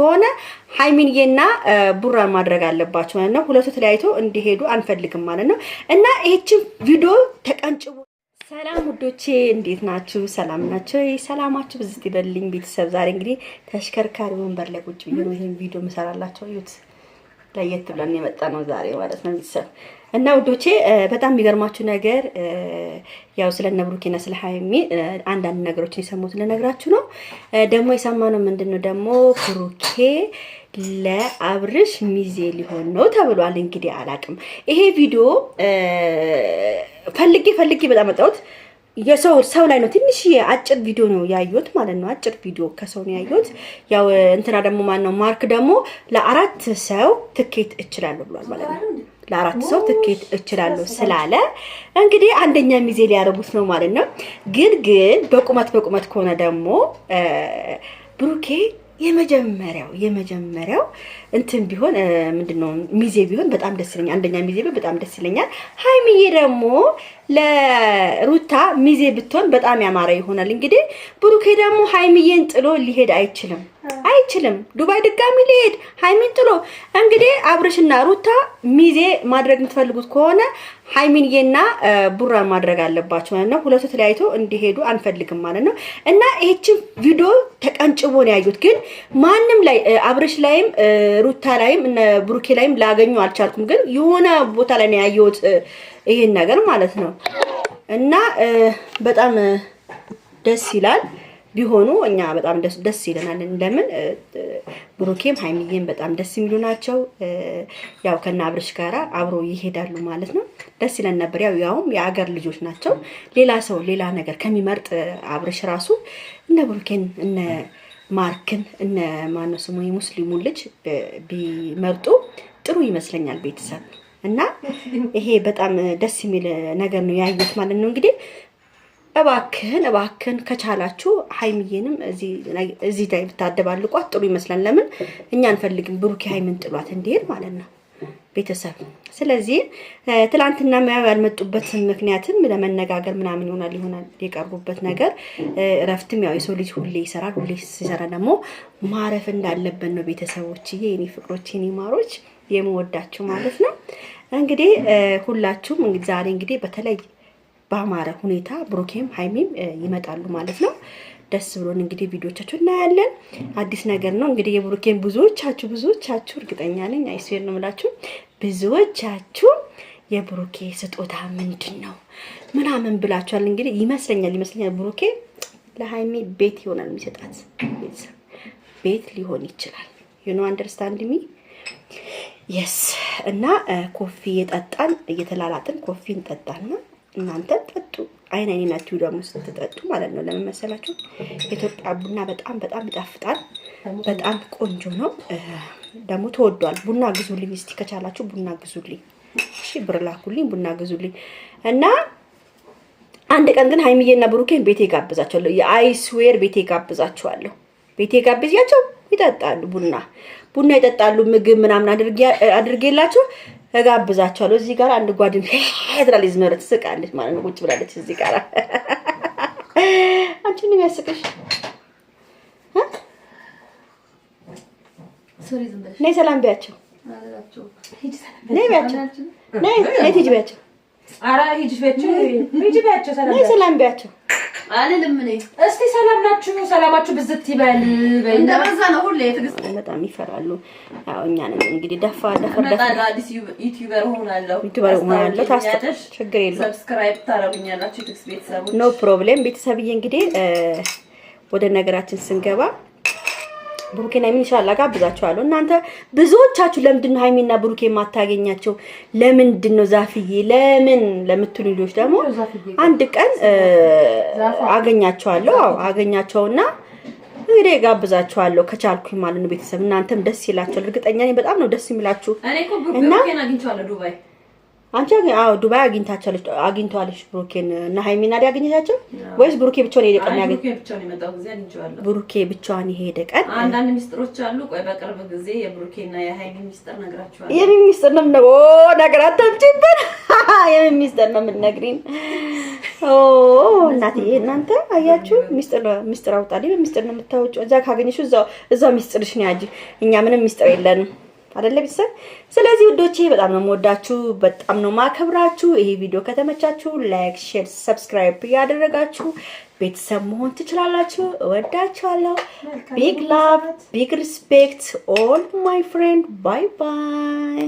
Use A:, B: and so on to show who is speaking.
A: ከሆነ ሀይሚንዬና ቡራን ማድረግ አለባቸው ማለት ነው። ሁለቱ ተለያይቶ እንዲሄዱ አንፈልግም ማለት ነው እና ይህችን ቪዲዮ ተቀንጭቦ ሰላም ውዶቼ እንዴት ናችሁ? ሰላም ናቸው። ሰላማችሁ ብዝት ይበልኝ ቤተሰብ። ዛሬ እንግዲህ ተሽከርካሪ ወንበር ላይ ቁጭ ብዬ ነው ይሄን ቪዲዮ የምሰራላቸው። እዩት ለየት ብለን የመጣ ነው ዛሬ ማለት ነው ቤተሰብ እና ውዶቼ በጣም የሚገርማችሁ ነገር ያው ስለ እነ ብሩኬና ስለ ሀይሚ አንዳንድ ነገሮችን የሰሙት ልነግራችሁ ነው። ደግሞ የሰማነው ምንድን ነው ደግሞ ብሩኬ ለአብርሽ ሚዜ ሊሆን ነው ተብሏል። እንግዲህ አላቅም ይሄ ቪዲዮ ፈልጌ ፈልጌ በጣም መጣሁት የሰው ሰው ላይ ነው ትንሽ አጭር ቪዲዮ ነው ያዩት ማለት ነው። አጭር ቪዲዮ ከሰው ነው ያዩት። ያው እንትና ደግሞ ማን ነው ማርክ ደግሞ ለአራት ሰው ትኬት እችላለሁ ብሏል ማለት ነው። ለአራት ሰው ትኬት እችላለሁ ስላለ እንግዲህ አንደኛ ሚዜ ሊያረጉት ነው ማለት ነው። ግን ግን በቁመት በቁመት ከሆነ ደግሞ ብሩኬ የመጀመሪያው የመጀመሪያው እንትን ቢሆን ምንድነው ሚዜ ቢሆን በጣም ደስ ይለኛል። አንደኛ ሚዜ ቢሆን በጣም ደስ ይለኛል። ሀይሚዬ ደግሞ ለሩታ ሚዜ ብትሆን በጣም ያማረ ይሆናል። እንግዲህ ብሩኬ ደግሞ ሀይሚዬን ጥሎ ሊሄድ አይችልም። አይችልም። ዱባይ ድጋሚ ሊሄድ ሀይሚን ጥሎ እንግዲህ አብርሽና ሩታ ሚዜ ማድረግ የምትፈልጉት ከሆነ ሀይሚንዬና ቡራን ማድረግ አለባቸው ማለት ነው። ሁለቱ ተለያይቶ እንዲሄዱ አንፈልግም ማለት ነው። እና ይህችን ቪዲዮ ተቀንጭቦ ነው ያዩት። ግን ማንም ላይ አብርሽ ላይም ሩታ ላይም እነ ብሩኬ ላይም ላገኙ አልቻልኩም። ግን የሆነ ቦታ ላይ ነው ያየሁት ይህን ነገር ማለት ነው። እና በጣም ደስ ይላል። ቢሆኑ እኛ በጣም ደስ ደስ ይለናል። ለምን ብሩኬም ሀይሚዬም በጣም ደስ የሚሉ ናቸው። ያው ከና አብርሽ ጋራ አብሮ ይሄዳሉ ማለት ነው። ደስ ይለን ነበር። ያው ያውም የአገር ልጆች ናቸው። ሌላ ሰው ሌላ ነገር ከሚመርጥ አብርሽ ራሱ እነ ብሩኬን እነ ማርክን እነ ማነው ስሙ የሙስሊሙ ልጅ ቢመርጡ ጥሩ ይመስለኛል ቤተሰብ እና ይሄ በጣም ደስ የሚል ነገር ነው ያየት ማለት ነው እንግዲህ እባክህን እባክህን ከቻላችሁ ሀይሚዬንም እዚህ ላይ ብታደባልቋት ጥሩ ይመስላል። ለምን እኛ አንፈልግም ብሩኬ ሀይምን ጥሏት እንዲሄድ ማለት ነው ቤተሰብ። ስለዚህ ትላንትና ያው ያልመጡበትን ምክንያትም ለመነጋገር ምናምን ይሆናል ይሆናል የቀርቡበት ነገር እረፍትም፣ ያው የሰው ልጅ ሁሌ ይሰራል። ሁሌ ሲሰራ ደግሞ ማረፍ እንዳለበት ነው ቤተሰቦች፣ የኔ ፍቅሮች፣ የኔ ማሮች የምወዳችሁ ማለት ነው። እንግዲህ ሁላችሁም ዛሬ እንግዲህ በተለይ በአማረ ሁኔታ ብሩኬም ሀይሚም ይመጣሉ ማለት ነው። ደስ ብሎን እንግዲህ ቪዲዮቻችሁ እናያለን። አዲስ ነገር ነው እንግዲህ የብሩኬን ብዙዎቻችሁ ብዙዎቻችሁ እርግጠኛ ነኝ አይስዌር ነው ምላችሁ ብዙዎቻችሁ የብሩኬ ስጦታ ምንድን ነው ምናምን ብላችኋል። እንግዲህ ይመስለኛል ይመስለኛል ብሩኬ ለሀይሚ ቤት ይሆናል የሚሰጣት ቤተሰብ ቤት ሊሆን ይችላል። ዩኖ አንደርስታንድ ሚ የስ እና ኮፊ እየጠጣን እየተላላጥን ኮፊ እንጠጣና እናንተ ጠጡ። አይን አይኔ አትዩ ደግሞ ስትጠጡ ማለት ነው። ለምን መሰላችሁ? ቡና በጣም በጣም ይጣፍጣል። በጣም ቆንጆ ነው ደግሞ ተወዷል። ቡና ግዙልኝ እስቲ ከቻላችሁ ቡና ግዙልኝ። እሺ ብር ላኩልኝ፣ ቡና ግዙልኝ እና አንድ ቀን ግን ሀይሚዬና ብሩኬን ቤቴ ጋብዛቸዋለሁ። የአይስዌር ቤቴ ጋብዛቸዋለሁ። ቤቴ ጋብዣቸው ይጠጣሉ ቡና ቡና ይጠጣሉ። ምግብ ምናምን አድርጌላቸው እጋብዛቸዋለሁ። እዚህ ጋር አንድ ጓደኛ ትላለች፣ ዝም ትስቃለች ማለት ነው። ቁጭ ብላለች እዚህ ጋር አንቺ ምን የሚያስቅሽ? ነይ ሰላም ቢያቸው፣ ነይ ቢያቸው፣ ነይ ሂጂ ቢያቸው፣
B: ኧረ ሂጂ ቢያቸው፣
A: ነይ ሰላም ቢያቸው አልልም። እስቲ ሰላም ናችሁ? ሰላማችሁ ብዝት ይበል። እንደበዛ ነው። ሁሌ ትዕግስት በጣም ይፈራሉ። ያው እኛንም እንግዲህ ደፋ ደፈር
B: ዩቲዩበር ሆናለሁ ችግር የለውም። ሰብስክራይብ ታረጉኛላችሁ።
A: ኖ ፕሮብሌም ቤተሰብዬ። እንግዲህ ወደ ነገራችን ስንገባ ብሩኬን ሀይሚን ኢንሻአላህ ጋብዛችኋለሁ። እናንተ ብዙዎቻችሁ ለምንድን ነው ሀይሚና ብሩኬ የማታገኛቸው? ለምንድን ነው ዛፍዬ ለምን ለምትሉ ልጆች ደግሞ አንድ ቀን አገኛቸዋለሁ። አዎ አገኛቸውና እንግዲህ ጋብዛችኋለሁ ከቻልኩኝ ማለት ነው። ቤተሰብ እናንተም ደስ ይላችኋል። እርግጠኛ ነኝ በጣም ነው ደስ የሚላችሁ እና አንቺ አዎ ዱባይ አግኝታቸዋለች አግኝተዋለች ብሩኬን እና ሀይሚና ዲ አግኝታቸው ወይስ ብሩኬ ብቻውን የሄደ ቀን ያገኝ ብሩኬ ብቻዋን የሄደ
B: ቀን አንዳንድ ሚስጥሮች አሉ። ቆይ በቅርብ ጊዜ የብሩኬና የሀይሚ ሚስጥር ነግራቸዋለሁ።
A: የሚ ሚስጥር ነው ነው ነገር አታምጪብን። የሚ ሚስጥር ነው የምትነግሪን? ኦ እናንተ አያችሁ፣ ሚስጥር ሚስጥር አውጣልኝ። ሚስጥር ነው የምታወጪው። እዛ ካገኘሽው እዛው እዛው ሚስጥርሽ ነው ያጂ። እኛ ምንም ሚስጥር የለንም። አይደለ ቤተሰብ? ስለዚህ ውዶቼ በጣም ነው የምወዳችሁ፣ በጣም ነው ማከብራችሁ። ይሄ ቪዲዮ ከተመቻችሁ ላይክ፣ ሼር፣ ሰብስክራይብ እያደረጋችሁ ቤተሰብ መሆን ትችላላችሁ። እወዳችኋለሁ። ቢግ ላቭ ቢግ ሪስፔክት ኦል ማይ ፍሬንድ። ባይ ባይ።